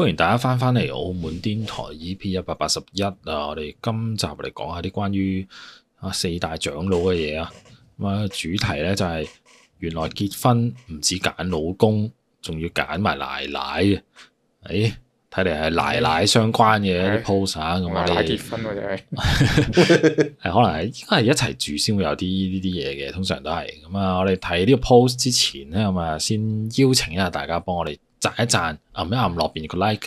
歡迎大家翻返嚟澳門電台 EP 一百八十一啊！我哋今集嚟講下啲關於啊四大長老嘅嘢啊。咁啊，主題咧就係原來結婚唔止揀老公，仲要揀埋奶奶嘅。誒、哎，睇嚟係奶奶相關嘅一啲 post 啊。咁啊，奶奶結婚或者係可能係應該係一齊住先會有啲呢啲嘢嘅。通常都係咁啊。我哋睇呢個 post 之前咧，咁啊，先邀請一下大家幫我哋。贊一贊，按一按落邊個 like，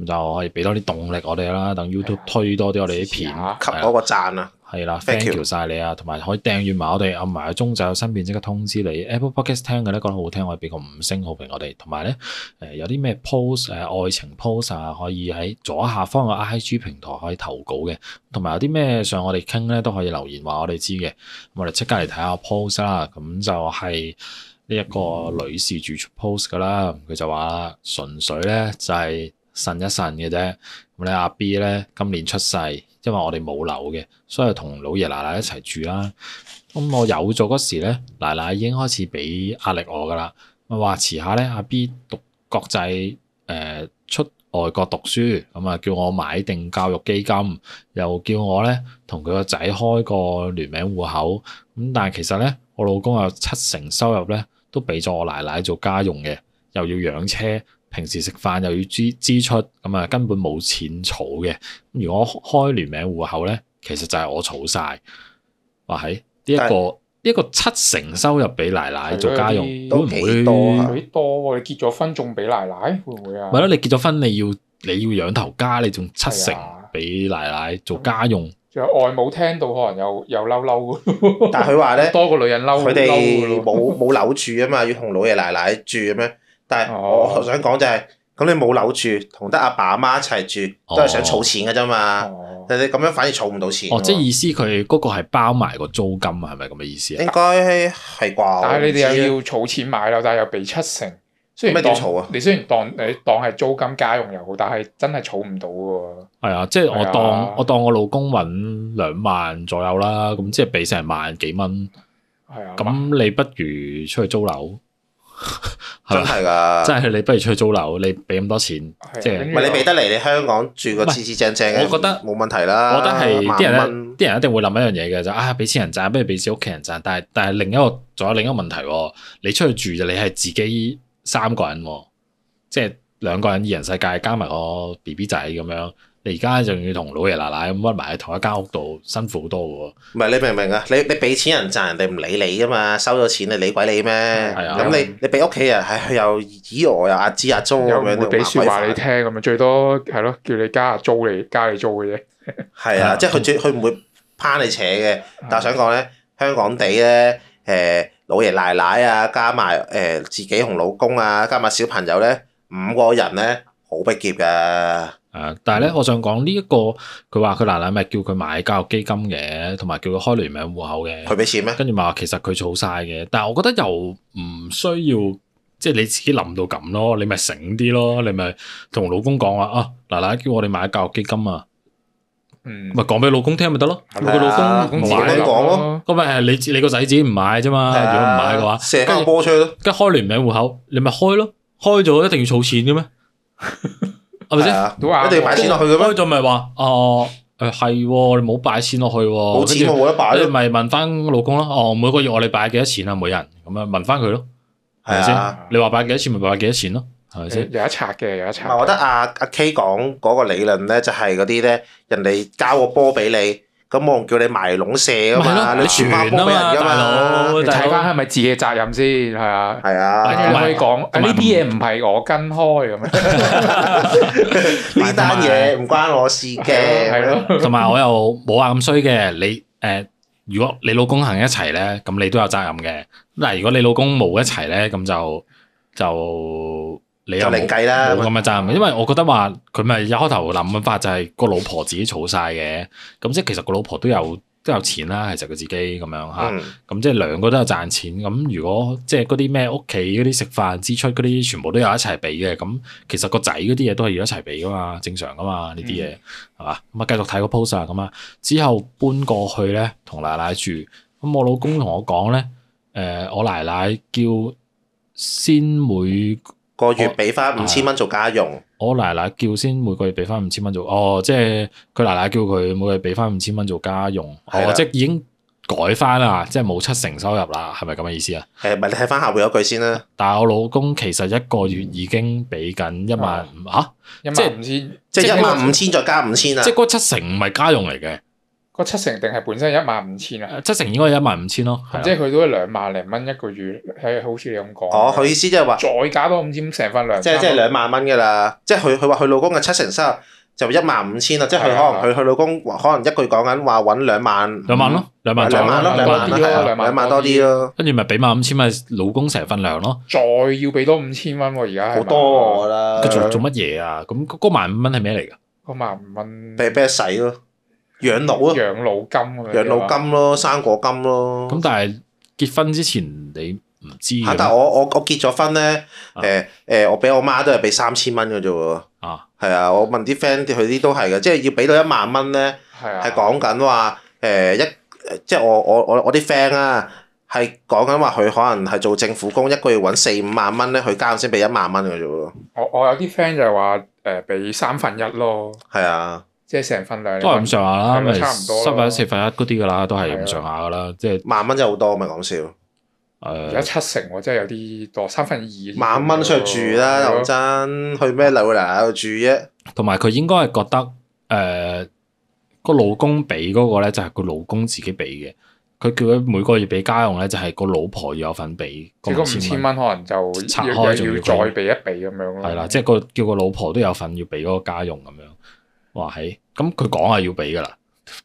咁就可以俾多啲動力我哋啦。等的 YouTube 推多啲我哋啲片，嘗嘗的給我個贊啊！係啦，thank you 晒你啊，同埋可以訂閱埋我哋按埋鐘就有新片即刻通知你。Apple Podcast 聽嘅咧覺得好聽，可以俾個五星好評我哋。同埋咧誒有啲咩、呃、post 誒、啊、愛情 post 啊，可以喺左下方嘅 IG 平台可以投稿嘅。同埋有啲咩上我哋傾咧都可以留言話我哋知嘅。我哋即刻嚟睇下 post 啦、啊，咁就係、是。呢一個女士住出 post 噶啦，佢就話純粹咧就係、是、呻一呻嘅啫。咁咧阿 B 咧今年出世，因為我哋冇樓嘅，所以同老爺奶奶一齊住啦。咁、嗯、我有咗嗰時咧，奶奶已經開始俾壓力我噶啦，話遲下咧阿 B 讀國際誒、呃、出外國讀書，咁、嗯、啊叫我買定教育基金，又叫我咧同佢個仔開個聯名戶口。咁但係其實咧，我老公有七成收入咧。都俾咗我奶奶做家用嘅，又要養車，平時食飯又要支支出，咁啊根本冇錢儲嘅。如果開聯名戶口咧，其實就係我儲晒。話係呢一個呢對一個七成收入俾奶奶做家用，都唔會多，會？幾多？幾多？你結咗婚仲俾奶奶？會唔會啊？咪咯，你結咗婚你要你要養頭家，你仲七成俾奶奶做家用。的仲有外母聽到可能又又嬲嬲。 但係佢話咧， 多個女人嬲，佢哋冇冇樓住啊嘛，要同老爺奶奶住咁樣。但係我想講就係、是，咁你冇樓住，同得阿爸阿媽一齊住，都係想儲錢嘅啫嘛。哦、但係你咁樣反而儲唔到錢。哦，即係意思佢嗰個係包埋個租金，係咪咁嘅意思？應該係啩？但係你哋又要儲錢買樓，但係又俾七成。咩叫啊？你雖然當你當係租金家用又好，但係真係儲唔到喎。係啊，即係我當我當我老公揾兩萬左右啦，咁即係俾成萬幾蚊。係啊，咁你不如出去租樓。真係㗎，真係你不如出去租樓，你俾咁多錢，即係你俾得嚟？你香港住個次次正正，我覺得冇問題啦。我覺得係啲人，啲人一定會諗一樣嘢嘅就係啊，俾錢人賺，不如俾啲屋企人賺。但係但係另一個仲有另一個問題，你出去住就你係自己。三個人，即係兩個人二人世界，加埋我 B B 仔咁樣。你而家仲要同老爺奶奶屈埋喺同一間屋度，辛苦好多喎。唔係你明唔明啊？你你俾錢人賺，人哋唔理你㗎嘛，收咗錢你理鬼你咩？係啊。咁你為你俾屋企人係又以我，又阿芝，阿、啊、租咁樣，會俾説話你聽咁啊？最多係咯，叫你加下租你加你租嘅啫。係啊，即係佢最佢唔會攀你扯嘅。但係想講咧，香港地咧，誒。老爺奶奶啊，加埋誒、呃、自己同老公啊，加埋小朋友咧，五個人咧，好逼攪㗎。誒、啊，但係咧，我想講呢一個，佢話佢奶奶咪叫佢買教育基金嘅，同埋叫佢開聯名戶口嘅。佢俾錢咩？跟住咪話其實佢儲晒嘅，但係我覺得又唔需要，即、就、係、是、你自己諗到咁咯，你咪醒啲咯，你咪同老公講話啊，啊，奶奶叫我哋買教育基金啊。咪講俾老公聽咪得咯，個、啊、老公買咯，咁咪係你你個仔只唔買啫嘛，啊、如果唔買嘅話，社交波車，跟是開聯名戶口，你咪開咯，開咗一定要儲錢嘅咩？ 是是係咪先，一定要擺錢落去嘅咩？開咗咪話，哦誒係，你冇擺錢落去，冇錢我冇得擺咯，咪問翻老公咯，哦每個月我哋擺幾多錢啊，每人咁樣問翻佢咯，係咪先？啊、你話擺幾多錢咪擺幾多錢咯、啊。有得拆嘅，有得拆。唔係，我覺得阿阿 K 講嗰個理論咧，就係嗰啲咧，人哋交個波俾你，咁我仲叫你埋籠射啊嘛，你傳啊嘛，大佬，睇翻係咪自己責任先，係啊，係啊，唔可以講，呢啲嘢唔係我跟開咁樣，呢單嘢唔關我事嘅，係咯。同埋我又冇話咁衰嘅，你誒，如果你老公行一齊咧，咁你都有責任嘅。嗱，如果你老公冇一齊咧，咁就就。你就嚟計啦，咁嘅責，因為我覺得話佢，咪一開頭諗法就係個老婆自己儲晒嘅，咁即係其實個老婆都有都有錢啦，其實佢自己咁樣嚇，咁、嗯、即係兩個都有賺錢。咁如果即係嗰啲咩屋企嗰啲食飯支出嗰啲，全部都有一齊俾嘅，咁其實個仔嗰啲嘢都係要一齊俾噶嘛，正常噶嘛呢啲嘢係嘛？咁啊、嗯、繼續睇個 post 咁啊，之後搬過去咧同奶奶住。咁我老公同我講咧，誒、呃、我奶奶叫先妹。個月俾翻五千蚊做家用，我奶奶叫先每個月俾翻五千蚊做，哦，即係佢奶奶叫佢每個月俾翻五千蚊做家用，的哦，即係已經改翻啦，即係冇七成收入啦，係咪咁嘅意思啊？誒，唔係你睇翻後面嗰句先啦。但係我老公其實一個月已經俾緊一萬五的，吓、啊，一萬五千，即係是一萬五千再加五千啦。即係嗰七成唔係家用嚟嘅。七成定係本身一萬五千啊？七成應該一萬五千咯，即係佢都兩萬零蚊一個月，係好似你咁講。哦，佢意思即係話再加多五千成份糧，即係即係兩萬蚊㗎啦。即係佢佢話佢老公嘅七成收入就一萬五千啊，即係佢可能佢佢老公可能一句講緊話揾兩萬兩萬咯，兩萬兩萬咯，兩萬多啲咯。跟住咪俾萬五千咪老公成份糧咯。再要俾多五千蚊喎，而家好多啦。做做乜嘢啊？咁嗰萬五蚊係咩嚟㗎？嗰萬五蚊俾俾使咯。養老咯，養老金，養老金咯，生果金咯。咁但係結婚之前你唔知㗎。但係我我我結咗婚咧，誒誒、啊呃，我俾我媽媽都係俾三千蚊嘅啫喎。啊。係啊，我問啲 friend，佢啲都係嘅，即係要俾到一萬蚊咧，係啊。係講緊話誒一，即係我我我我啲 friend 啊，係講緊話佢可能係做政府工，一個月揾四五萬蚊咧，佢交先俾一萬蚊嘅啫喎。我我有啲 friend 就係話誒俾三分一咯。係啊。即係成份量，都係咁上下啦，咪差唔多，三分一、四分一嗰啲噶啦，都係咁上下噶啦。即係萬蚊就好多，咪講笑。誒，有七成，即係有啲多三分二。萬蚊出去住啦，講真，去咩樓嚟喺度住啫。同埋佢應該係覺得誒個老公俾嗰個咧，就係個老公自己俾嘅。佢叫佢每個月俾家用咧，就係個老婆要有份俾。如果五千蚊，可能就拆開，仲要再俾一俾咁樣。係啦，即係個叫個老婆都有份要俾嗰個家用咁樣。話話，咁佢講係要俾噶啦，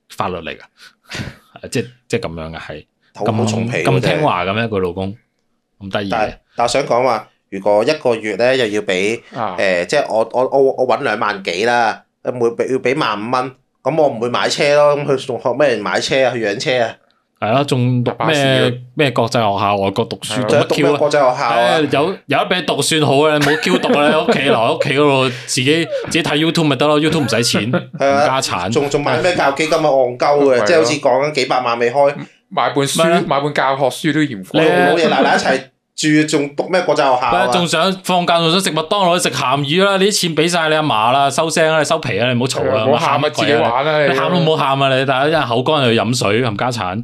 法律嚟噶，。 即即咁樣嘅係，咁重、咁聽話嘅咩？佢老公咁得意。但係我想講話，如果一個月咧又要俾，誒、啊呃，即係我我我我搵兩萬幾啦，每俾要俾萬五蚊，咁我唔會買車咯，咁佢仲學咩人買車啊？去養車啊？係啦，仲讀咩咩國際學校，外國讀書，乜 Q 啊？國際學校有有一筆讀算好嘅，冇 Q 讀嘅咧，喺屋企留喺屋企嗰度，自己自己睇 YouTube 咪得咯，YouTube 唔使錢，家 產，仲仲、啊、買咩教育基金啊，戇鳩嘅，即係好似講緊幾百萬未開，買本書，買本教學書都嫌貴，冇嘢、啊，哋奶奶一齊。住仲讀咩國際學校仲想放假仲想食麥當勞食咸魚啦？你啲錢畀晒你阿嫲啦，收聲啦，收皮啦，你唔好嘈啦，唔好喊啊！自己玩啊！你喊都唔好喊啊！你大家一係口乾又要飲水冚家產，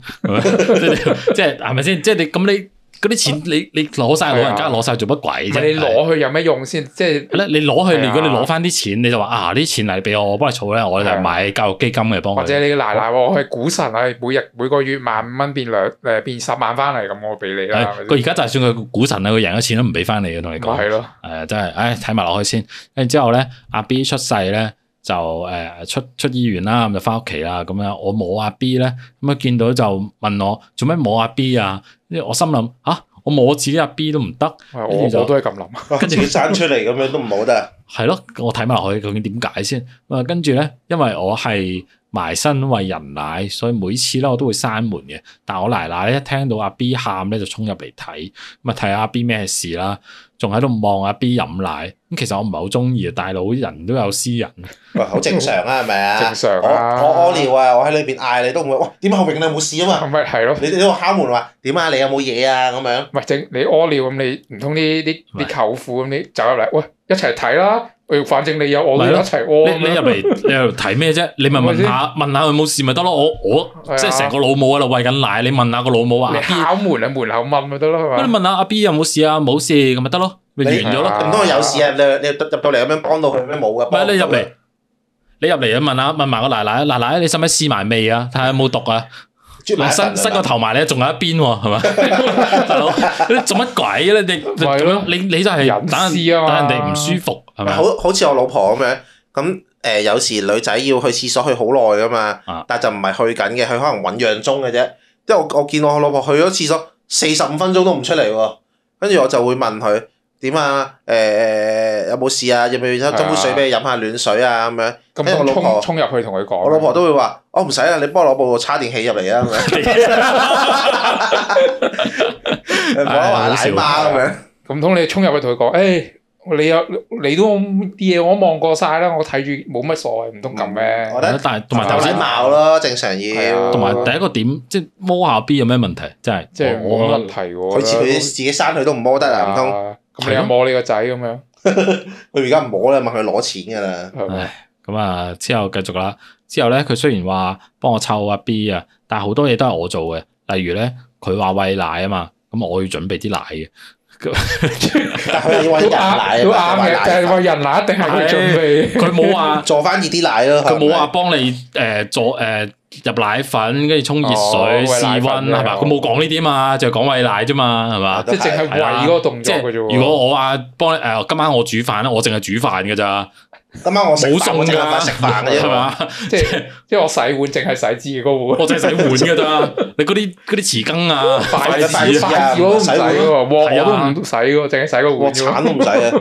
即係係咪先？即係你咁你。嗰啲錢你、啊、你攞晒老人家攞晒做乜鬼啫？你攞去有咩用先？即係咧，你攞去，啊、如果你攞翻啲錢，你就話啊，啲錢嚟俾我，我幫你儲咧，我嚟買教育基金嘅，幫佢。或者你奶奶，啊、我係股神，係每日每個月萬五蚊變兩誒，變十萬翻嚟咁，我俾你。佢而家就算佢股神贏啊，佢贏咗錢都唔俾翻你嘅，同你講。咪係咯？誒，真係，誒、哎，睇埋落去先。跟住之後咧，阿 B 出世咧。就誒，出出醫院啦，咁就翻屋企啦，咁樣我摸阿 B 咧，咁一見到就問我做咩摸阿 B 啊？我心諗嚇，啊，我摸自己阿 B 都唔得，哦哦，我著 都係咁諗，跟住佢生出嚟咁樣都唔好得。係咯，我睇埋落去究竟點解先？咁啊，跟住咧，因為我係埋身餵人奶，所以每次咧我都會閂門嘅。但我奶奶一聽到阿 B 喊咧，就衝入嚟睇，咁咪睇下阿 B 咩事啦？仲喺度望阿 B 飲奶，咁其實我唔係好中意啊！大佬人都有私隱，哇，好正常啊，係咪啊？正常啊，我屙尿啊，我喺裏邊嗌你都唔會，喂，點解我平你冇事啊？嘛，唔係係咯，你你話敲門話點啊？你有冇嘢啊？咁樣，喂，正你屙尿咁，你唔通啲啲啲舅父咁你走入嚟，喂，一齊睇啦！誒，反正你有我都一齊屙。你入嚟又睇咩啫？你咪問下問下佢冇事咪得咯？我我即係成個老母喺度喂緊奶，你問下個老母啊。敲門你門口問咪得咯？係你問下阿 B 有冇事啊？冇事咁咪得咯。咪完咗咯，唔通有事啊？你你入入到嚟咁樣幫到佢，咩冇噶？唔係你入嚟，你入嚟啊？問下，問埋個奶奶，奶奶，你使唔使試埋味啊？睇下有冇毒啊？伸伸個頭埋咧，仲有一邊喎，係嘛？大佬，你做乜鬼咧？你係咯？你你真係等試啊嘛？等人哋唔舒服係嘛？好好似我老婆咁樣，咁誒有時女仔要去廁所去好耐噶嘛，但係就唔係去緊嘅，佢可能醞釀中嘅啫。即係我我見我老婆去咗廁所四十五分鐘都唔出嚟喎，跟住我就會問佢。點啊？誒誒有冇事啊？要唔要斟杯水俾你飲下暖水啊？咁樣，咁我老婆，沖入去同佢講，我老婆都會話：我唔使啦，你幫我攞部叉電器入嚟啊！咁樣，唔好話奶媽咁樣。唔通你沖入去同佢講？誒，你有你都啲嘢我望過晒啦，我睇住冇乜所謂，唔通咁咩？但係同埋頭先鬧咯，正常要。同埋第一個點，即係摸下邊有咩問題？真係即係冇乜問題。佢似佢自己生佢都唔摸得啊！唔通？咁你又摸你個仔咁樣？佢而家唔摸啦，問佢攞錢噶啦，係咁啊，之後繼續啦。之後咧，佢雖然話幫我湊阿 B 啊，但係好多嘢都係我做嘅。例如咧，佢話餵奶啊嘛，咁我要準備啲奶嘅。 但係要餵奶，餵人奶，一定係佢準備。佢冇話做翻熱啲奶咯，佢冇話幫你誒做誒。呃入奶粉，跟住沖熱水、試溫係嘛？佢冇講呢啲啊嘛，就講喂奶啫嘛，係嘛？即係淨係喂嗰個動作。如果我話幫你誒，今晚我煮飯咧，我淨係煮飯嘅咋？今晚我冇餸啊，食飯係嘛？即係即係我洗碗淨係洗支嘅碗，我淨係洗碗嘅咋？你嗰啲嗰啲匙羹啊、筷子啊、碗啊都唔洗嘅，淨係洗個碗。鏟都唔洗啊，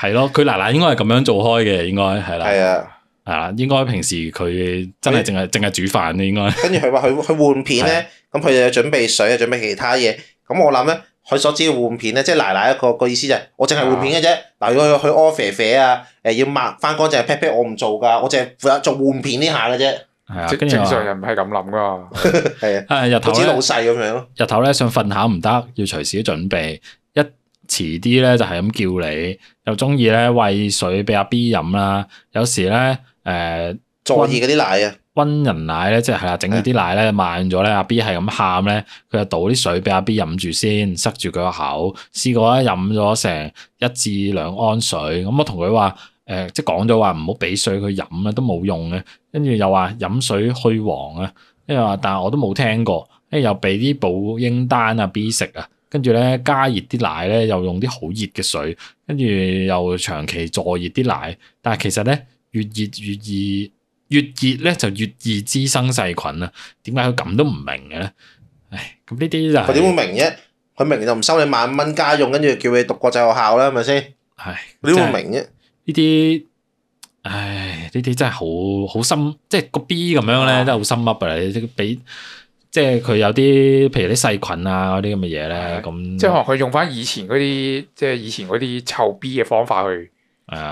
係咯？佢奶奶應該係咁樣做開嘅，應該係啦。係啊。係啦，應該平時佢真係淨係淨係煮飯咧，應該。跟住佢話佢佢換片咧，咁佢就準備水啊，準備其他嘢。咁我諗咧，佢所指嘅換片咧，即係奶奶個個意思就係是的，我淨係換片嘅啫。嗱，要要去屙肥肥啊，誒要抹翻乾淨啊，撇我唔做噶，我淨係負責做換片呢下嘅啫。係啊，正常人唔係咁諗噶。係啊，日頭咧，好似老細咁樣咯。日頭咧想瞓下唔得，要隨時準備。遲啲咧就係咁叫你，又中意咧餵水俾阿 B 飲啦。有時咧誒，過嗰啲奶啊，溫人奶咧，即係係啊，整啲奶咧慢咗咧，阿 B 係咁喊咧，佢就倒啲水俾阿 B 飲住先，塞住佢個口。試過咧飲咗成一至兩安水，咁我同佢話誒，即係講咗話唔好俾水佢飲咧，都冇用嘅。跟住又話飲水去黃啊，跟住話，但係我都冇聽過。跟住又俾啲保嬰丹啊 B 食啊。跟住咧，加熱啲奶咧，又用啲好熱嘅水，跟住又長期助熱啲奶。但係其實咧，越熱越易越熱咧，就越易滋生細菌啊。點解佢咁都唔明嘅咧？唉，咁呢啲就係佢點會明啫？佢明就唔收你萬蚊家用，跟住叫你讀國際學校啦，係咪先？唉，點會明啫？呢啲唉，呢啲真係好好深，即係個 B 咁樣咧，真係好深屈啊！你俾。即係佢有啲，譬如啲細菌啊嗰啲咁嘅嘢咧，咁即係可能佢用返以前嗰啲，即係以前嗰啲臭 B 嘅方法去，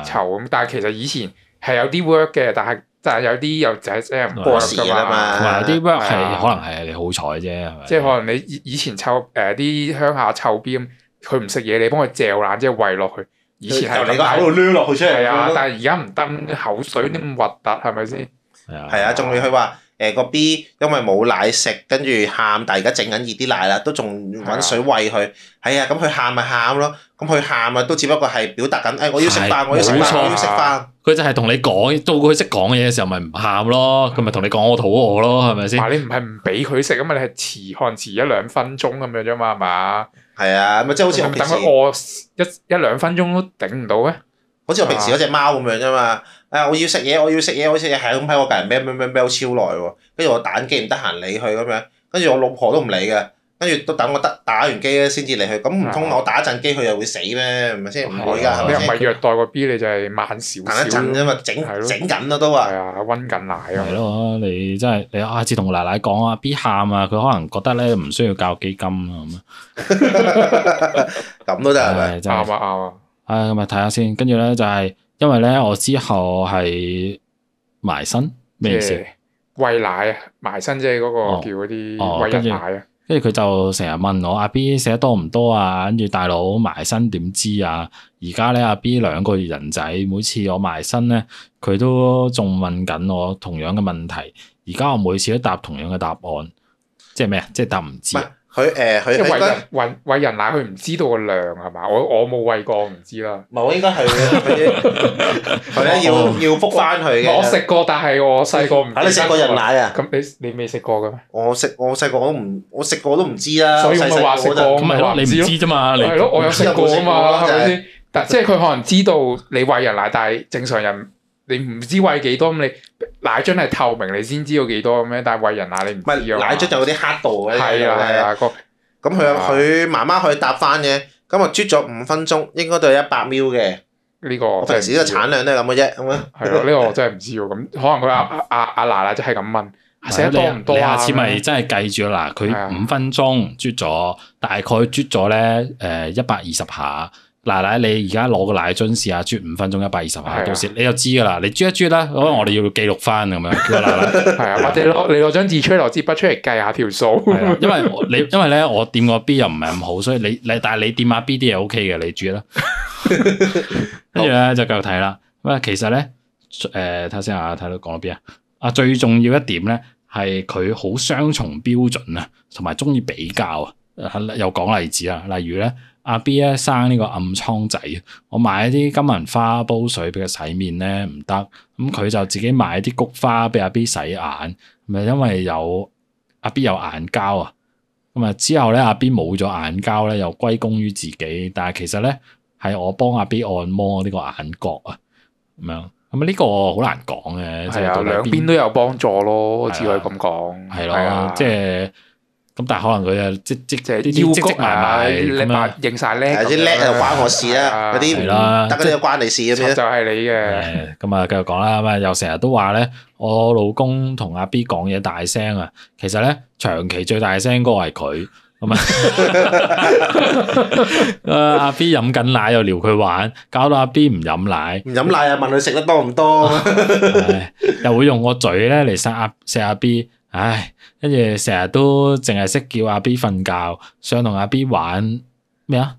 臭咁。但係其實以前係有啲 work 嘅，但係但係有啲又就係即係唔 work 嘛。同埋有啲 work 係可能係你好彩啫，係咪？即係可能你以前湊誒啲鄉下湊 B 咁，佢唔食嘢，你幫佢嚼爛即係餵落去。以前係。就而家喺度攣落去啫。係啊，但係而家唔得，口水啲咁核突係咪先？係啊。仲要佢話。誒個 B 因為冇奶食，跟住喊，但係而家整緊熱啲奶啦，都仲揾水餵佢。係啊，咁佢喊咪喊咯，咁佢喊咪都只不過係表達緊，誒我要食飯，我要食飯，我要食飯。佢就係同你講，到佢識講嘢嘅時候，咪唔喊咯，佢咪同你講我肚餓咯，係咪先？但係你唔係唔俾佢食啊嘛，你係遲餓遲一兩分鐘咁樣啫嘛，係嘛？係啊，咪即係好似我平時等佢餓一一兩分鐘都頂唔到咩？好似我平時嗰隻貓咁樣啫嘛。誒，我要食嘢，我要食嘢，我要食嘢，係咁喺我隔籬喵喵喵喵超耐喎。跟住我打機唔得閒理佢咁樣，跟住我老婆都唔理嘅。跟住都等我得打完機咧，先至理佢。咁唔通我打一陣機，佢又會死咩？唔係先唔會噶。你又唔係虐待個 B，你就係慢少。等一陣啫嘛，整整緊啦都係啊，溫緊奶咁。係咯，你真係你下次同奶奶講啊，B 喊啊，佢可能覺得咧唔需要教基金啊咁啊。咁都得係咪？啱啱啊。哎，咁咪睇下先，跟住咧就係。因為咧，我之後係埋身，咩意思？餵奶啊，埋身即係，嗰個叫嗰啲哦，餵奶啊。跟住佢就成日問我阿 B 寫得多唔多啊？跟住大佬埋身點知啊？而家咧阿 B 兩個月人仔，每次我埋身咧，佢都仲問緊我同樣嘅問題。而家我每次都答同樣嘅答案，即係咩啊？即係答唔知。佢誒，佢即係喂喂喂人奶，佢唔知道個量係嘛？我我冇喂過，唔知啦。唔係，我應該係要要復翻佢嘅。我食過，但係我細個唔。你食過人奶啊？咁你你未食過嘅咩？我食我細個我都唔，我食過都唔知啦。所以我唔係話講，咁咪話你唔知啫嘛？你係咯，我有食過啊嘛，係咪先？但即係佢可能知道你喂人奶，但係正常人。你唔知喂幾多，咁你奶樽係透明你先知道幾多咁樣？但係喂人奶你唔係奶樽，有啲黑度嘅，係啊、係啊哥。咁佢佢媽媽去搭翻嘅。咁啊，啜咗五分鐘，應該都係一百 ml 嘅。呢個我平時嘅產量都係咁嘅啫。咁啊係啊，呢個我真係唔知喎。咁可能佢阿阿阿嫲嫲即係咁問，食得多唔多啊？你下次咪真係計住啦。佢五分鐘啜咗，大概啜咗咧誒一百二十下。奶奶，婆婆你而家攞個奶樽試下啜五分鐘一百二十下，啊、到時你就知噶啦。你啜一啜啦，可能、啊、我哋要記錄翻咁樣。係啊，或者你攞張紙出落支筆出嚟計下條數、啊。因為你 因為咧，為我掂個 B 又唔係咁好，所以你但你但係你掂下 B 啲係 OK 嘅，你啜啦。跟住咧就繼續睇啦。咁啊，其實咧，誒睇下先啊，睇到講到邊啊？啊，最重要一點咧係佢好雙重標準啊，同埋中意比較啊。又講例子啦，例如咧。阿 B 咧生呢個暗瘡仔，我買啲金銀花煲水俾佢洗面咧唔得，咁佢就自己買啲菊花俾阿 B 洗眼，咁啊因為有阿 B 有眼膠啊，咁啊之後咧阿 B 冇咗眼膠咧又歸功於自己，但係其實咧係我幫阿 B 按摩呢個眼角這這個啊，咁樣咁啊呢個好難講嘅，係啊兩邊都有幫助咯，只可以咁講，係咯，即係。咁但係可能佢啊積積即係積積埋埋，樣你咪認晒叻，啲叻，叻就關我事啦，嗰啲唔得嗰啲關你事嘅樣，就係你嘅。咁啊，繼的續講啦。咁啊，又成日都話咧，我老公同阿 B 講嘢大聲啊，其實咧長期最大聲個係佢。咁 啊， 阿 B 飲緊奶又撩佢玩，搞到阿 B 唔飲奶，唔飲奶啊，問佢食得多唔多， 又會用個嘴咧嚟殺阿錫阿 B。唉，跟住成日都淨係識叫阿 B 瞓覺，想同阿 B 玩咩啊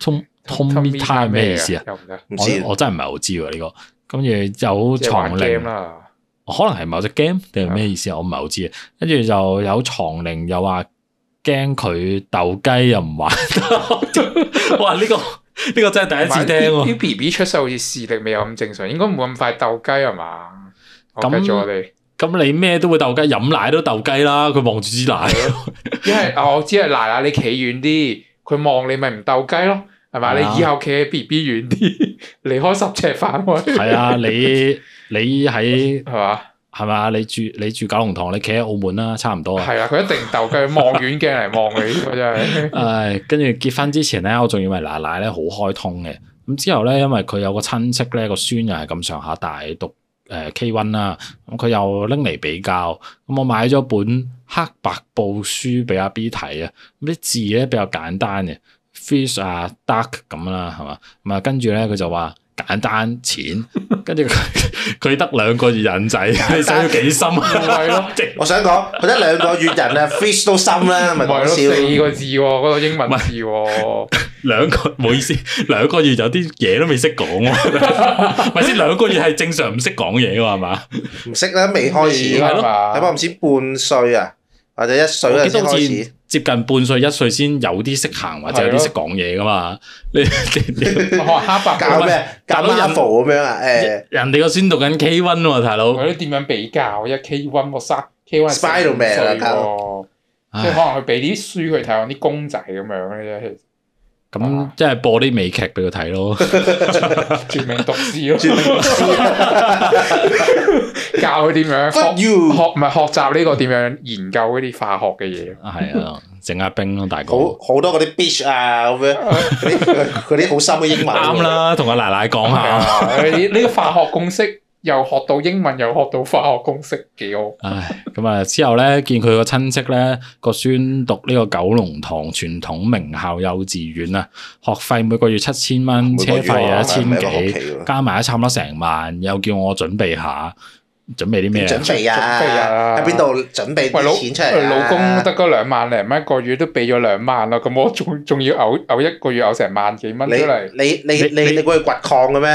？Tom t o m i 咩意思啊？唔知，我真係唔係好知喎呢個。跟住有床鈴，可能係某隻 game 定係咩意思？我唔係好知。跟、這、住就有床鈴，又話驚佢鬥雞又唔玩。哇！呢、這個呢、這個真係第一次聽啊。啲 B B 出世好似視力未有咁正常，應該冇咁快鬥雞啊嘛？咁繼、嗯、續我哋。咁你咩都會鬥雞，飲奶都鬥雞啦！佢望住支奶，因為我知係奶奶，婆婆你企遠啲，佢望你咪唔鬥雞咯，係嘛？的你以後企喺 B B 遠啲，離 開十尺範圍。係啊，你你喺係嘛？係嘛的吧？你住你住九龍塘，你企喺澳門啦，差唔多。係啊，佢一定鬥雞，望遠鏡嚟，望你，真係、 哎。誒，跟住結婚之前咧，我仲以為奶奶咧好開通嘅，咁之後咧，因為佢有個親戚咧個孫又係咁上下大讀。誒、呃、K1 啦，咁佢、啊、又拎嚟比較，咁、啊、我買咗本黑白布書畀阿 B 睇啊，啲字咧比較簡單嘅，fish 啊 duck 咁啦，係嘛，咁啊跟住咧佢就話。簡單錢，跟住佢得兩個月引仔， 你想要幾深咪、啊，咯？我想講佢得兩個月人啊，fish 都深啦，咪多笑。四個字嗰個英文字，兩個唔好意思，兩個月有啲嘢都未識講，唔係先兩個月係正常唔識講嘢噶係嘛？唔識咧，未開始係嘛？係嘛吧？唔似半歲啊，或者一歲啊先開始。接近半歲一歲先有啲識行或者有啲識講嘢㗎嘛？你學黑白教的咩？教到一 v 咁樣、欸、啊？誒，人哋個孫讀緊 K1 喎，大佬。嗰啲點樣比較？一 K1，我三 K1，三歲啦，Man, 即係可能佢俾啲書佢睇，啲公仔咁樣嘅啫。咁即係播啲美劇俾佢睇咯，絕命毒師咯，教佢點樣學學唔係學習呢個點樣研究嗰啲化學嘅嘢，係啊，整下、啊、冰咯，大哥，好好多嗰啲 bitch 啊，咁樣，佢啲 好深嘅英文，啱 啦，同阿奶奶講下、 啊，呢、這個化學公式。又學到英文，又學到化學公式幾好。 唉，咁啊，之後咧，見佢個親戚咧，個孫讀呢個九龍塘傳統名校幼稚園啊，學費每個月七千蚊，車費一千幾，加埋差唔多成萬，又叫我準備下。準備啲咩？準備啊！喺邊度準備啲、啊、錢出嚟，啊、老公得嗰兩萬零蚊一個月都俾咗兩萬啦，咁我仲仲要嘔嘔一個月嘔成萬幾蚊出嚟？你你你你你過去掘礦嘅咩？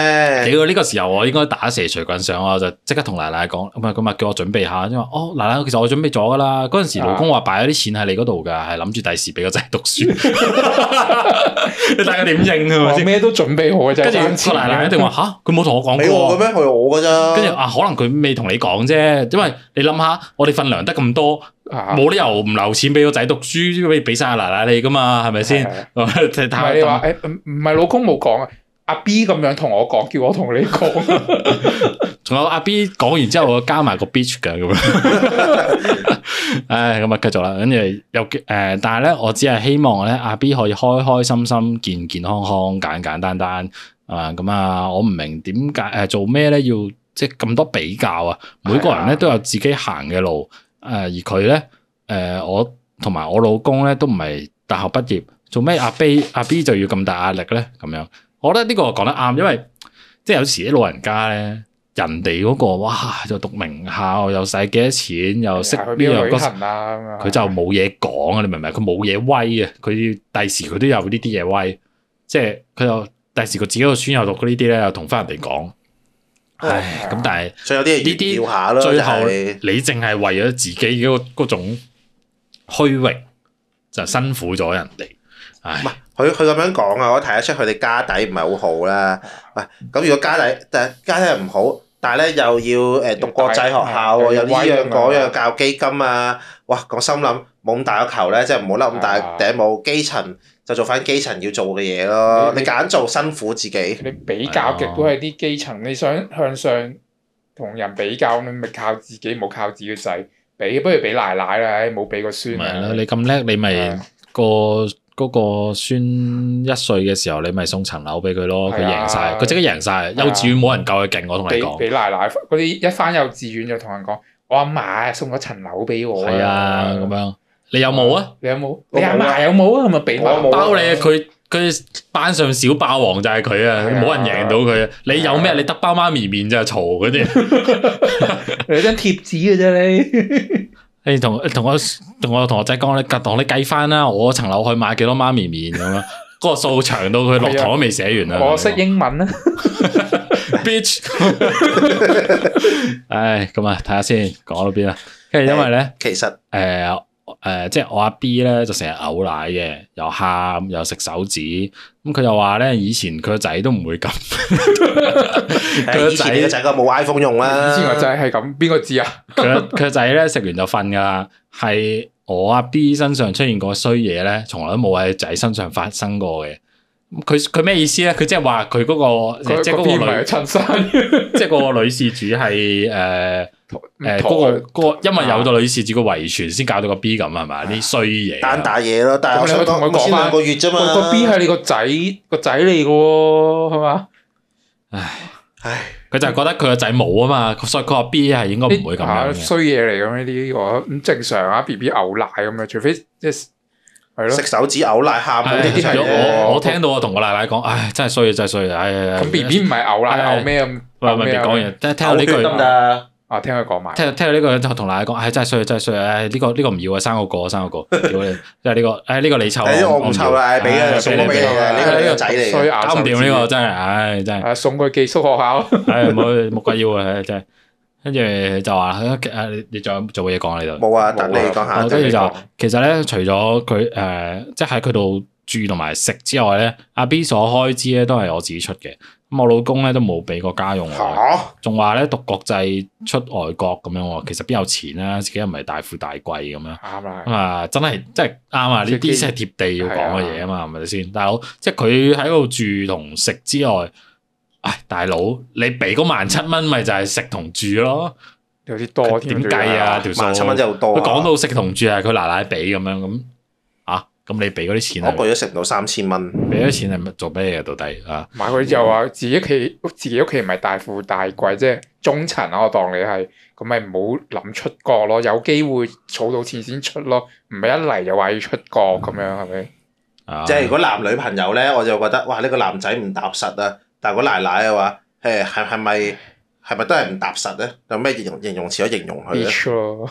喺呢個時候我應該打蛇隨棍上，我就即刻同奶奶講，唔係咁啊，叫我準備下，因為哦奶奶，其實我準備咗噶啦，嗰陣時老公話擺咗啲錢喺你嗰度噶，係諗住第時俾個仔讀書。 你睇佢點應啊？咩都準備好嘅，跟住個奶奶一定話吓，佢冇同我講俾咩？我嘅啫。跟住啊，我的我的可能佢未同。同你講啫，因為你諗下，我哋份糧得咁多，冇、啊、理由唔留錢俾個仔讀書，俾俾晒阿奶奶你噶嘛，係咪先？是是 但係你話誒，唔係老公冇講啊，阿 B 咁樣同我講，叫我同你講。仲 有阿 B 講完之後，我加埋個 bitch 噶咁樣。誒， 咁啊，繼續啦。跟住又誒，但係咧，我只係希望咧，阿 B 可以開開心心、健健康康、簡簡單單啊。咁、呃嗯、啊，我唔明點解誒、呃、做咩咧要？即係咁多比較啊！每個人咧都有自己行嘅路，誒的而佢咧誒我同埋我老公咧都唔係大學畢業，做咩阿 B 阿 B 就要咁大壓力咧？咁樣，我覺得呢個講得啱，因為即係有時啲老人家咧，人哋嗰個哇又讀名校，又使幾多錢，又識邊個旅行佢就冇嘢講啊！你明唔明？佢冇嘢威啊！佢第時佢都有呢啲嘢威，即係佢又第時佢自己個孫又讀呢啲咧，又同翻人哋講。唉，咁，但係所以有啲嘢要下咯。最後，就是，你淨係為咗自己嗰嗰種虛榮，就辛苦咗人哋。唔係佢佢咁樣講啊，我睇得出佢哋家底唔係好好啦。喂，咁如果家底但係家底唔好，但係咧又要誒讀國際學校，又呢樣嗰樣教育基金啊，哇！我心諗冇咁大個球咧，即係唔好甩咁大頂帽，啊、基層。就做翻基層要做嘅嘢咯，你揀做辛苦自己。你比較極都係啲基層，你想向上同人比較，你咪靠自己，冇靠自己嘅仔俾，不如俾奶奶啦，唉，冇俾個孫。係啦，你咁叻，你咪個嗰個孫一歲嘅時候，你咪送層樓俾佢咯，佢贏晒，佢即刻贏晒，幼稚園冇人夠佢勁，我同你講。俾奶奶嗰啲一翻幼稚園就同人講，我阿嫲送咗層樓俾我啊，咁樣。你有冇啊、嗯？你有冇？你阿嫲有冇啊？係咪俾包你？佢佢班上小霸王就係佢啊！冇人贏到佢啊！你有咩？你得包媽咪麵就係嘈嗰啲，有張貼紙嘅啫你。你同同我同我同學仔講咧，同啲計翻啦，我層樓去買幾多媽咪麵咁樣，個數長到佢落堂都未寫完呀。我識英文呀。Bitch！唉，咁啊，睇下先，講到邊啊？因為因為咧，其實誒、哎呃。誒、呃，即係我阿 B 咧就成日嘔奶嘅，又喊又食手指，咁佢又話咧，以前佢個仔都唔會咁，佢個仔個仔都冇 iPhone 用啦，以前個仔係咁，邊個知啊？佢佢個仔咧食完就瞓噶啦，係 我阿 B 身上出現過衰嘢咧，從來都冇喺仔身上發生過嘅。佢佢咩意思咧？佢即係話佢嗰個他即係嗰個女， 即係個女事主係誒誒嗰個因為有咗女事主個遺傳，先搞到個 B 咁係嘛？啲衰嘢單打嘢咯，但係我想同佢講翻個月啫嘛，個 B 係你、個仔個仔嚟噶係嘛？唉唉，佢就係覺得佢個仔冇啊嘛，所以佢話 B 該啊係應該唔會咁樣衰嘢嚟咁呢啲咁正常啊，B B 牛奶咁樣，除非即係。Yes. 係咯，食手指嘔奶喊，我我聽到我同我奶奶講，唉，真係衰啊，真係衰啊，唉。咁 B B 唔係嘔奶嘔咩咁？唔唔，咪講嘢，聽聽呢句。得啊？聽佢講埋。聽聽呢句就同奶奶講，唉，真係衰真係衰啊，唉，呢個呢個唔要啊，生個個，生個個，你即係呢個，唉，呢個你湊我唔湊啊，唉，俾嘅送我俾嘅，你你個仔嚟。搞唔掂呢個真係，唉，真係。送佢寄宿學校，唉，唔好，冇鬼要啊，唉，真係。跟住就話，誒你你仲有做冇嘢講啊？呢度冇啊，等你講下。跟住就其實咧，除咗佢誒，即係喺佢度住同埋食之外咧，阿 B 所開支咧都係我自己出嘅。咁我老公咧都冇俾過家用，仲話咧讀國際出外國咁樣喎。其實邊有錢啊？自己又唔係大富大貴咁樣。啱啊真係即係啱啊！呢啲先係貼地要講嘅嘢啊嘛，係咪先？大佬吧， 即係佢喺度住同食之外。之外大佬，你俾嗰萬七蚊，咪就係食同住咯？有啲多點計啊？條數萬七蚊真係好多。講到食同住啊，佢奶奶俾咁樣咁啊，咁你俾嗰啲錢咧？我攞咗成到三千蚊。俾咗錢係乜做咩啊？到底啊？買佢就話自己屋自己屋企唔係大富大貴，即係中層。我當你係咁，咪唔好諗出國咯。有機會儲到錢先出咯，唔係一嚟就話要出國咁樣，係咪？即係如果男女朋友咧，我就覺得哇，呢個男仔唔踏實啊！但係個奶奶嘅話，誒係係咪係咪都係唔踏實咧？有咩用形容詞嚟形容佢咧？virtual，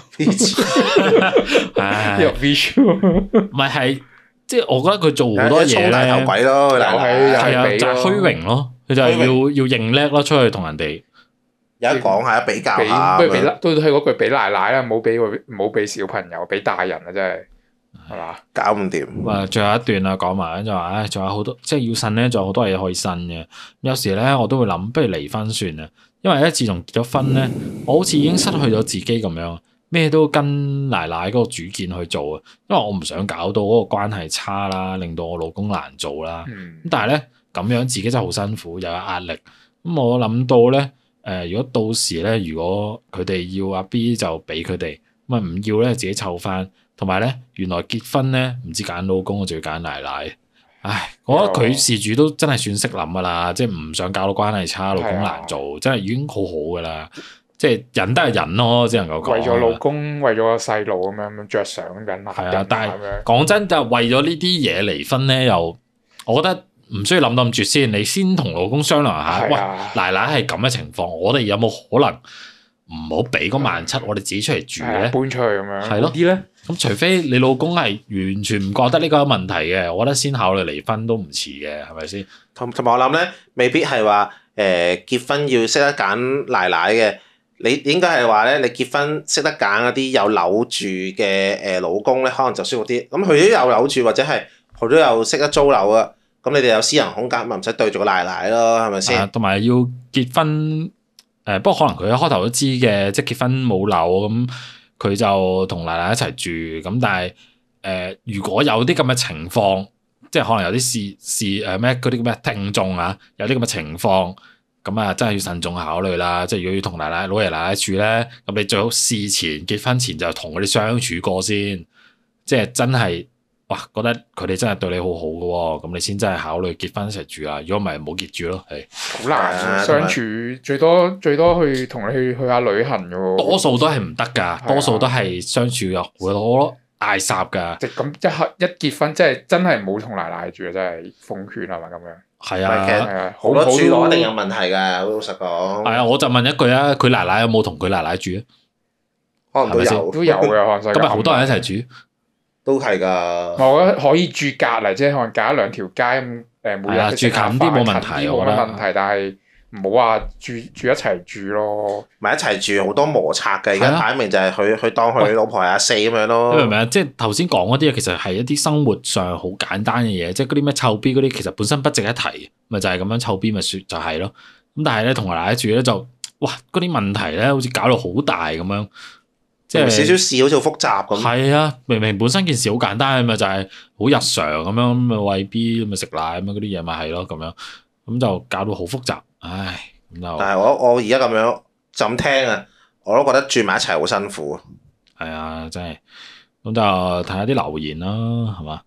係啊，呢個 virtual 唔係係即係我覺得佢做好多嘢咧，有鬼咯，有係有詐虛榮咯，佢就係要要認叻咯，出去同人哋有得講下，有比較下，都俾都都係嗰句俾奶奶啦，冇俾個冇俾小朋友，俾大人啊真係。係嘛，搞唔掂。啊，最後一段啦，講埋，跟住話，唉，仲有好多，即係要呻咧，仲有好多嘢可以呻嘅。有時咧，我都會諗，不如離婚算啦。因為咧，自從結咗婚咧，嗯、我好似已經失去咗自己咁樣，咩都跟奶奶嗰個主見去做啊。因為我唔想搞到嗰個關係差啦，令到我老公難做啦。咁、嗯、但係咧，咁樣自己真係好辛苦，又有壓力。咁、嗯、我諗到咧，誒、呃，如果到時咧，如果佢哋要阿 B 就俾佢哋，咁啊唔要咧，自己湊翻。同埋咧，原來結婚咧唔止揀老公，我仲要揀奶奶。唉，我的覺得佢事主都真係算識諗噶啦，即係唔想搞到關係差，的老公難做，真係已經好好噶啦。即係人都係人咯，只能夠講。為咗老公，為咗個細路咁樣咁著想緊，係啊。但係講、嗯、真，就係為咗呢啲嘢離婚咧，又我覺得唔需要諗到咁絕先。你先同老公商量下，喂的奶奶係咁嘅情況，我哋有冇可能唔好俾嗰萬七，我哋自己出嚟住咧？搬出去咁樣，係咯啲咧。咁除非你老公係完全唔覺得呢個有問題嘅，我覺得先考慮離婚都唔遲嘅，係咪先？同同埋我諗咧，未必係話誒結婚要識得揀奶奶嘅，你應該係話咧，你結婚識得揀嗰啲有樓住嘅誒老公咧，可能就舒服啲。咁佢都有樓住，或者係佢都有識得租樓啊。咁你哋有私人空間，咪唔使對住個奶奶咯，係咪先？同埋，啊、要結婚誒、呃，不過可能佢一開頭都知嘅，即係結婚冇樓咁。佢就同奶奶一齊住，咁但係誒、呃，如果有啲咁嘅情況，即係可能有啲事事誒咩嗰啲咁嘅聽眾啊，有啲咁嘅情況，咁啊真係要慎重考慮啦。即係如果要同奶奶、老爺奶奶住咧，咁你最好事前結婚前就同佢哋相處過先，即係真係。哇！覺得佢哋真係對你好好嘅，咁你先真係考慮結婚一齊住啊？如果唔係，冇結住咯。係好難相處，最多最多去同你去去下旅行嘅。多數都係唔得噶，多數都係相處又好多嗌霎噶。咁一，一結婚，真係真係冇同奶奶住啊！真係奉勸係嘛，咁樣？係啊，好多住落一定有問題嘅。好老實講。係啊，我就問一句啊，佢奶奶有冇同佢奶奶住啊？可能都有都有嘅，咁咪好多人一齊住。都係㗎，我覺得可以住隔籬，即係可能隔一兩條街咁誒，每日、啊、住近啲冇問題，我覺得問題，但係唔好話住住一齊住咯。咪一齊住好多摩擦嘅，而家擺明就係佢佢當佢老婆阿四咁樣咯。明唔明啊？即係頭先講嗰啲嘢，其實係一啲生活上好簡單嘅嘢，即係嗰啲咩臭逼嗰啲，其實本身不值一提，咪就係、是、咁樣臭逼咪算就係咯。咁但係咧同埋奶奶住咧就，哇！嗰啲問題咧好似搞到好大咁樣。即係少少事好似好複雜咁。係啊，明明本身件事好簡單啊嘛，就係、是、好日常咁樣，咪餵 B 咪食奶咁樣嗰啲嘢咪係咯，咁樣咁就搞到好複雜，唉咁就。但係我我而家咁樣就咁聽啊，我都覺得住埋一齊好辛苦。係、嗯、啊，真係。咁就睇下啲留言啦，係嘛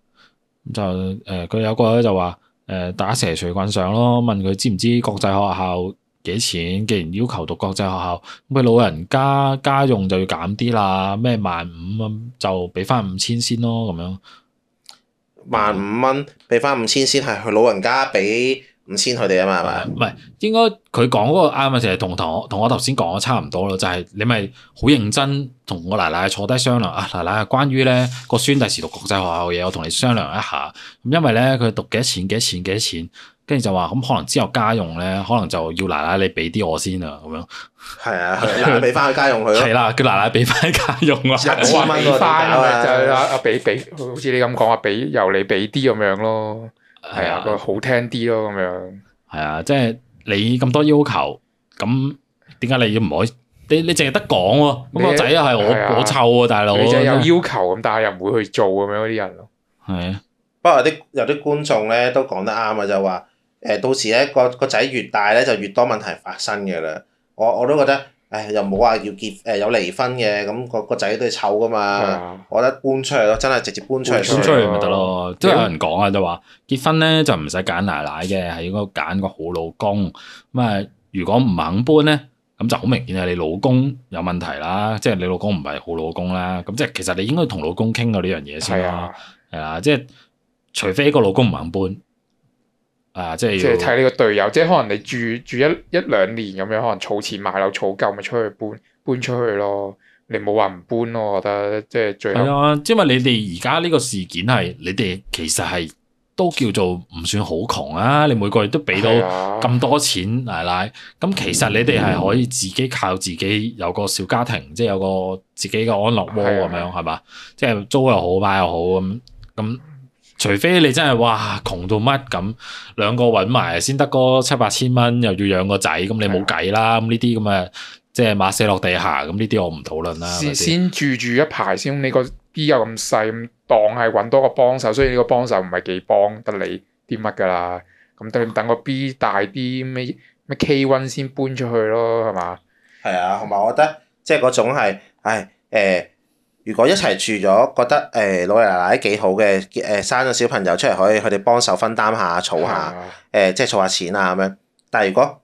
咁就誒，佢、呃、有個咧就話誒、呃、打蛇隨棍上咯，問佢知唔知國際學校？幾錢？既然要求讀國際學校，咁老人家家用就要減啲啦。咩萬五啊，就俾翻五千先咯。咁樣萬五蚊俾翻五千先，係佢老人家俾五千佢哋啊嘛？係咪？唔係、那個，應該佢講嗰個啱啊，就係同同我同我頭先講嘅差唔多咯。就係你咪好認真同我奶奶坐低商量啊，奶奶，關於咧、那個孫第時讀國際學校嘅嘢，我同你商量一下。咁因為咧佢讀幾多錢？幾多錢？幾多錢？跟住就話咁，可能之後家用咧，可能就要奶奶你俾啲我先啊，咁樣。係啊，奶奶俾翻去家用佢。係啦，叫奶奶俾翻家用啦。一千蚊個。俾啊！就阿阿俾俾，好似你咁講話俾由你俾啲咁樣咯。係啊，個好聽啲咯，咁樣。係啊，即係你咁多要求，咁點解你要唔可以？你你淨係得講喎。咁個仔又係我我湊啊。大佬。有要求咁，但係又唔會去做咁樣嗰啲人咯。係啊，不過啲有啲觀眾咧都講得啱啊，就話。誒到時咧，個個仔越大咧，就越多問題發生嘅啦。我我都覺得，唉，又冇話要，要結誒、呃、有離婚嘅，咁、那個個仔都係湊㗎嘛。的我覺得搬出去咯，真係直接搬出去。搬出去咪得咯，即係的有人講啊，就話、是、結婚咧就唔使揀奶奶嘅，係應該揀個好老公。咁啊，如果唔肯搬咧，咁就好明顯係你老公有問題啦，即、就、係、是、你老公唔係好老公啦。咁即係其實你應該同老公傾下呢樣嘢先啦，係啊的，即係除非一個老公唔肯搬。啊，即係即係睇你個隊友，即係可能你住住一一兩年咁樣，可能儲錢買樓儲夠咪出去搬搬出去咯。你冇話唔搬咯，我覺得即係最係啊。因為你哋而家呢個事件係你哋其實係都叫做唔算好窮啊。你每個月都俾到咁多錢奶奶，咁、啊、其實你哋係可以自己靠自己，有個小家庭，即係有個自己嘅安樂窩咁樣，係嘛，啊啊。即係租又好買又好咁咁。嗯嗯嗯除非你真係哇窮到乜咁，兩個搵埋先得嗰七八千蚊，又要養個仔，咁你冇計啦。咁呢啲咁嘅即係馬死落地下，咁呢啲我唔討論啦。先，些先住住一排先，你個 B 又咁細，當係搵多個幫手，所以呢個幫手唔係幾幫得你啲乜噶啦。咁等等個 B 大啲咩咩 K1 先搬出去咯，係嘛？係啊，同埋我覺得即係嗰種係，唉誒。呃如果一齊住咗，覺得誒、欸、老爺奶奶幾好嘅，誒、欸、生咗小朋友出嚟，可以佢哋幫手分擔下、儲下，誒的、欸、即係儲下錢啊，咁樣。但係如果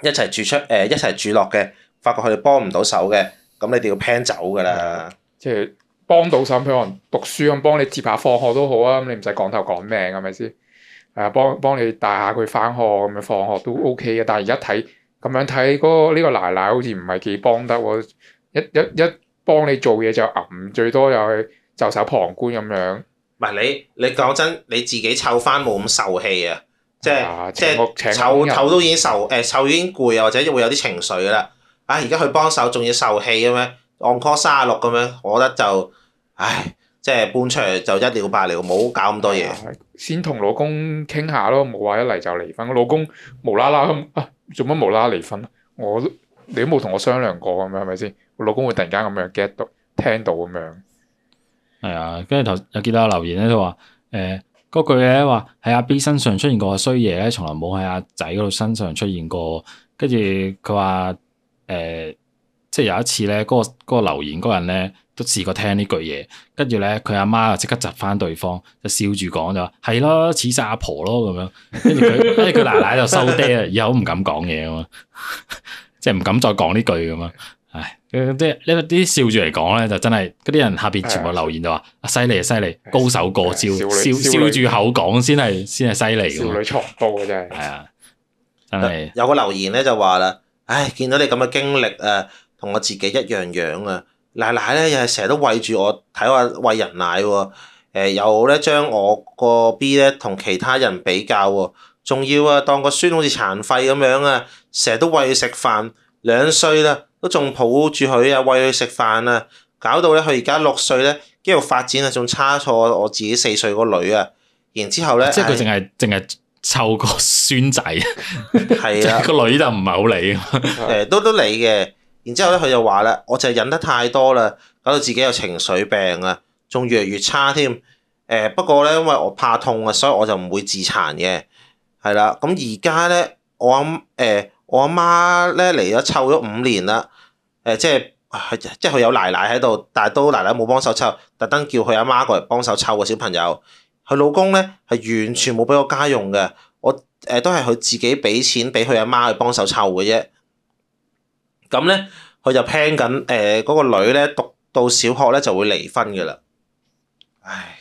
一齊住出，誒、欸、一齊住落嘅，發覺佢哋幫唔到手嘅，咁你哋要 plan 走噶啦。即係幫到手，譬如讀書咁，幫你接下放學都好啊，咁你唔使趕頭趕命，係咪先？係啊，幫，幫你帶下佢返學咁樣，放學都 OK 嘅。但係而家睇咁樣睇嗰呢個奶奶好似唔係幾幫得喎，一一一。一一一幫你做嘢就揞最多又係袖手旁觀咁樣，唔係你你講真你自己湊翻冇咁受氣啊！即係即係湊湊都已經受誒湊已經攰啊，或者會有啲情緒㗎喇。啊而家去幫手仲要受氣咁樣，on call 三十六咁樣，我覺得就唉，即係搬出嚟就一了百了，冇搞咁多嘢。先同老公傾下咯，冇話一嚟就離婚。老公無啦啦咁啊，做乜無啦啦離婚？我你都冇同我商量過咁樣，係咪先？老公會突然間咁樣 get 到聽到咁樣，係啊，跟住頭又見到個留言咧，都、呃、話誒嗰句咧話喺阿 B 身上出現過衰嘢咧，從來冇喺阿仔嗰度身上出現過。跟住佢話誒，即係有一次咧，嗰、嗰個、嗰個留言嗰人咧都試過聽呢句嘢，跟住咧佢阿媽就即刻窒翻對方，就笑住講就話係咯，似晒阿婆咯咁樣。跟住佢跟住佢奶奶就收爹啊，以後唔敢講嘢啊嘛，即係唔敢再講呢句咁啊。即係呢啲笑住嚟講咧，就真係嗰啲人下邊全部留言就話，犀利啊，犀利，高手過招，笑、啊、笑住口講先係，先係犀利。少女床報嘅真係， 啊，真係。有個留言咧就話啦，唉，見到你咁嘅經歷啊，同我自己一樣樣啊。奶奶咧又係成日都餵住我，睇下餵人奶喎。誒、呃，有咧將我個 B 咧同其他人比較喎，仲要啊當個孫好似殘廢咁樣啊，成日都餵佢食飯。兩歲啦，都仲抱住佢啊，餵佢食飯啊，搞到咧佢而家六歲咧，肌肉發展啊，仲差錯我自己四歲個女啊。然之後咧，即係佢淨係淨係湊個孫仔，係啊 的，個女就唔係好理。誒都都理嘅。然之後咧，佢就話啦，我就係忍得太多啦，搞到自己有情緒病啊，仲越嚟越差添。誒、呃、不過咧，因為我怕痛啊，所以我就唔會自殘嘅。係啦，咁而家咧，我諗誒。呃呃呃我阿媽咧，嚟咗湊咗五年啦，誒、呃、即係即係佢有奶奶喺度，但係都奶奶冇幫手湊，特登叫佢阿媽過嚟幫手湊個小朋友。佢老公咧係完全冇俾我家用嘅，我誒、呃、都係佢自己俾錢俾佢阿媽去幫手湊嘅啫。咁咧佢就 plan 緊誒嗰個女咧讀到小學咧就會離婚嘅啦。唉。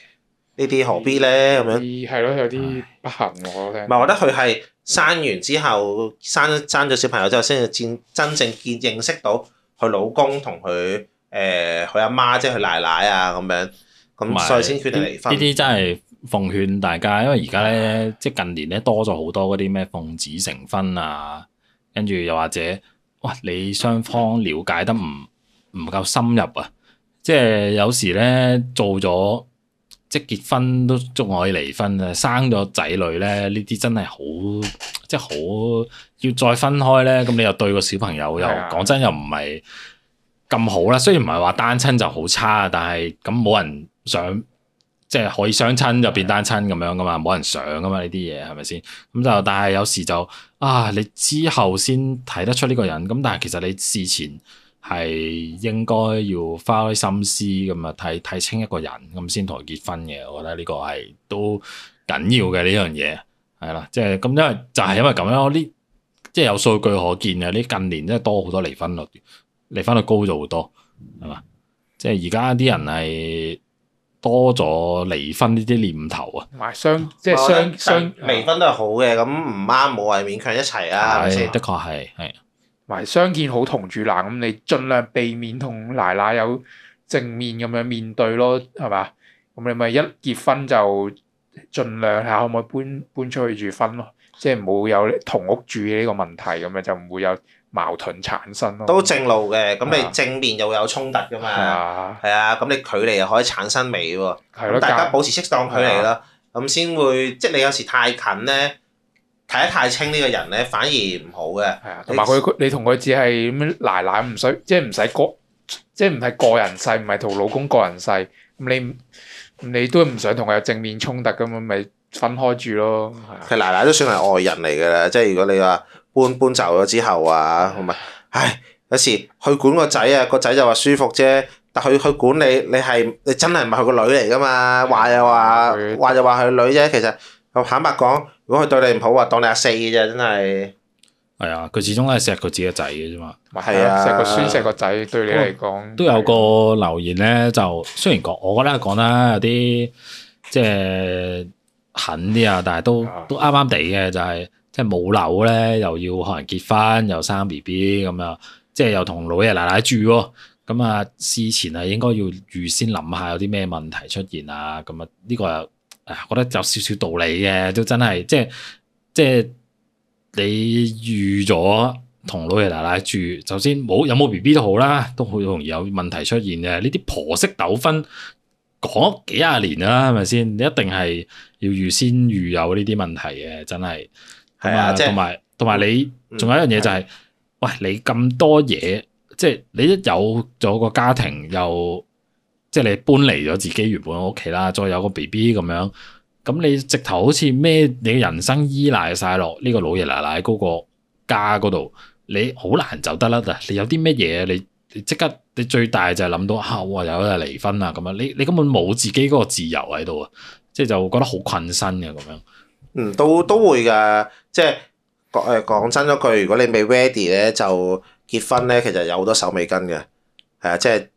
呢啲何必咧？咁樣係咯，有啲不幸我聽。唔係，我覺得佢係生完之後，生生咗小朋友之後，先至見真正見認識到佢老公同佢誒佢阿媽，即係佢奶奶啊咁樣，咁所以先決定離婚。呢啲真係奉勸大家，因為而家咧，即係、嗯、近年咧多咗好多嗰啲咩奉子成婚啊，跟住又或者，哇！你雙方了解得唔唔夠深入啊，即係有時咧做咗。wollte 即結婚都仲可以離婚啊，生咗仔女咧，呢啲真係好，即係好要再分開咧，咁你又對個小朋友的又講真又唔係咁好啦。雖然唔係話單親就好差，但係咁冇人想即係可以相親就變單親咁樣噶的嘛，冇人想噶嘛，呢啲嘢係咪先？咁就但係有時就啊，你之後先睇得出呢個人，咁但係其實你事前。係應該要花啲心思咁啊，睇睇清一個人咁先同佢結婚嘅，我覺得呢個係都緊要嘅呢、這個就是、樣嘢，係啦，即係咁，因為就係因為咁樣咯，呢即係有數據可見嘅，呢近年真係多好多離婚率，離婚率高咗好多，係嘛，即係而家啲人係多咗離婚呢啲念頭啊，相即係相相離婚都係好嘅，咁唔啱冇話勉強一齊啊，係的確係係。埋相見好同住難，咁你盡量避免同奶奶有正面咁樣面對咯，係嘛？咁你咪一結婚就盡量嚇，可唔可以搬搬出去住分咯，即唔會有同屋住呢個問題，咁樣就唔會有矛盾產生咯。都正路嘅，咁你正面又會有衝突㗎嘛？係吧啊，咁你距離又可以產生美喎。係咯，的大家保持適當距離咯，咁先的會即係你有時太近咧。睇得太清呢個人咧，反而唔好嘅。係啊，同埋佢佢，你同佢只係咩奶奶唔使，即係唔使個，即係唔係個人世，唔係同老公個人世。咁你，你都唔想同佢有正面衝突咁，咪分開住咯。係啊，佢奶奶都算係外人嚟㗎啦。即係如果你話搬搬走咗之後啊，好咪唉有時去管個仔啊，個仔就話舒服啫。但係佢去管你，你係你真係唔係佢個女嚟㗎嘛？話就話話就話佢個女啫。其實我坦白講。如果佢對你唔好，話當你阿四嘅啫，真係。係啊，佢始終都係錫佢自己個仔嘅啫嘛。係啊，錫個孫錫個仔對你嚟講。都有個留言咧，就雖然講，我覺得講得有啲即係狠啲啊，但係都都啱啱地嘅，就係即係冇樓咧，又要可能結婚又生 B B 咁樣，即係、就是、又同老爺奶奶住喎，啊。咁啊事前係應該要預先諗下有啲咩問題出現啊。咁啊呢個。誒，覺得有少少道理嘅，都真係，即係即係你預咗同老爺奶奶住，首先冇有冇 BB 都好啦，都好容易有問題出現嘅。呢啲婆媳糾紛講幾廿年啦，係咪先？你一定係要預先預有呢啲問題嘅，真係。係啊，同埋同埋你，仲有一樣嘢就係、是，嗯、喂，你咁多嘢，即係你一有咗個家庭又。即係你搬離咗自己原本屋企啦，再有個 B B 咁樣，咁你直頭好似咩？你嘅人生依賴晒落呢個老爺奶奶嗰個家嗰度，你好難走得甩。你有啲乜嘢？你你即刻你最大就諗到啊，有啊離婚啊咁樣。你你根本冇自己嗰個自由喺度啊，即係就覺得好困身嘅咁樣。嗯，都都會噶，即係講誒講真咗句，如果你未 ready 咧，就結婚咧，其實有好多手尾跟嘅，係啊，即係。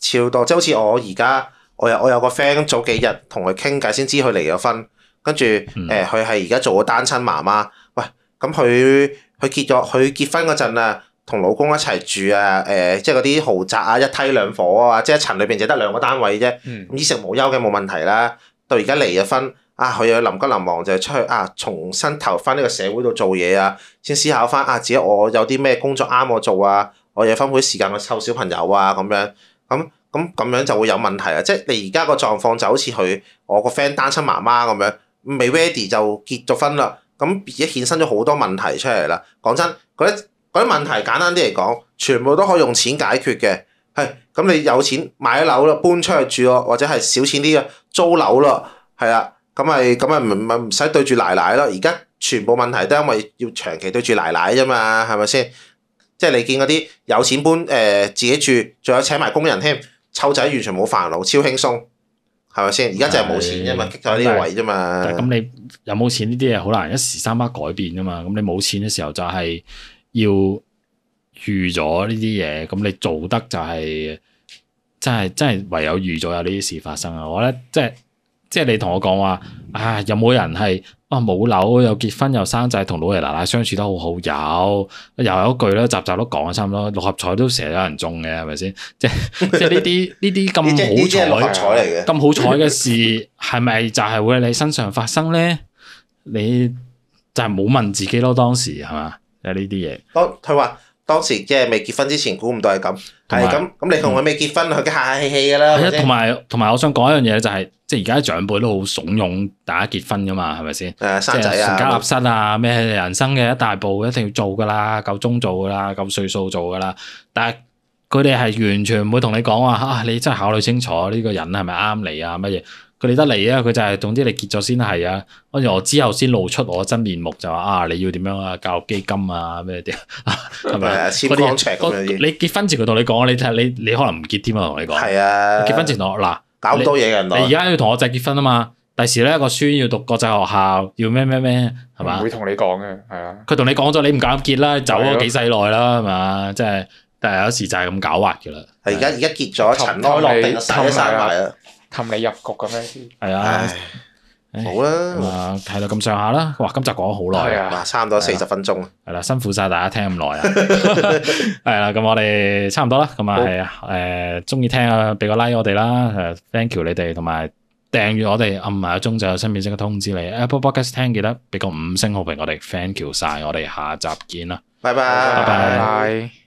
超多，即係好似我而家，我有我有個 friend，早幾日同佢傾偈，先知佢離咗婚，跟住誒佢係而家做咗單親媽媽。喂，咁佢佢結咗，佢結婚嗰陣啊，同老公一齊住啊，誒、呃，即係嗰啲豪宅啊，一梯兩房啊，即係一層裏邊就得兩個單位啫。嗯、衣食無憂嘅冇問題啦。到而家離咗婚，啊，佢又臨急臨忙就出去啊，重新投入翻呢個社會度做嘢啊，先思考翻啊，自己，我有啲咩工作啱我做啊？我嘢分配時間，去湊小朋友啊咁樣，咁咁咁樣就會有問題啊！即係你而家個狀況就好似佢，我個 friend 單親媽媽咁樣，未 ready 就結咗婚啦，咁而家衍生咗好多問題出嚟啦。講真，嗰啲嗰啲問題簡單啲嚟講，全部都可以用錢解決嘅。係，咁你有錢買樓咯，搬出去住咯，或者係少錢啲嘅租樓咯，係啦，咁咪咁咪唔咪唔使對住奶奶咯。而家全部問題都因為要長期對住奶奶啫嘛，係咪先？即係你見嗰啲有錢搬誒自己住，仲有請埋工人添，湊仔完全冇煩惱，超輕鬆，係咪先？而家就係冇錢啫嘛，激咗啲位啫嘛。咁是你有冇錢呢啲嘢好難一時三刻改變噶嘛。咁你冇錢嘅時候就係要預咗呢啲嘢，咁你做得就係、是、真係真係唯有預咗有呢啲事發生啊！我覺得即係。即係你同我講話，啊有冇人係啊冇樓又結婚又生仔，同老爺奶奶相處得好好有，又有一句咧，集集都講差唔多，六合彩都成日有人中嘅，係咪先？ 即係即係呢啲呢啲咁好彩，咁好彩嘅事係咪就係會喺你身上發生咧？ 你就係冇問自己咯，當時係嘛？即係呢啲嘢。好，就是哦，佢話。當時即係未結婚之前，估唔到係咁，係咁咁。你同佢未結婚，佢哋，嗯、客客氣氣噶啦。同埋同埋，我想講一樣嘢就係，是，即係而家啲長輩都好慫恿大家結婚噶嘛，係咪先？生仔啊，成家立室啊，咩人生嘅一大步，一定要做噶啦，夠鐘做噶啦，夠歲數做噶啦，啦。但係佢哋係完全唔會同你講啊，啊，你真係考慮清楚呢個人係咪啱你啊，乜嘢？佢理得嚟啊！佢就係總之你結咗先係啊，跟住我之後先露出我真面目就話啊，你要點樣啊？教育基金啊咩啲係咪？啲你結婚前佢同你講，你睇你你可能唔結添啊！同你講係啊，結婚前同嗱搞好多嘢嘅，你而家你要同我仔結婚啊嘛？第時咧個孫要讀國際學校，要咩咩咩係嘛？唔會同你講嘅係啊。佢同你講咗，你唔搞結啦，走咗幾世耐啦係嘛？即係、啊啊，但係有時就係咁狡猾嘅啦。而家而家結咗，塵埃落定，曬都氹你入局咁樣先，係啊，好啦，啊，係到咁上下啦。哇，今集講咗好耐，啊，差唔多四十分鐘。係啦，辛苦晒大家聽咁耐啊。係啦，咁我哋差唔多啦。咁啊，係啊，誒，中意聽啊，俾個 like 我哋啦。誒，thank you 你哋同埋訂閱我哋按埋個鐘，就有新消息即刻通知你。Apple Podcast 聽記得俾個五星好評，我哋 thank you 晒。我哋下集見啦，拜拜，拜拜。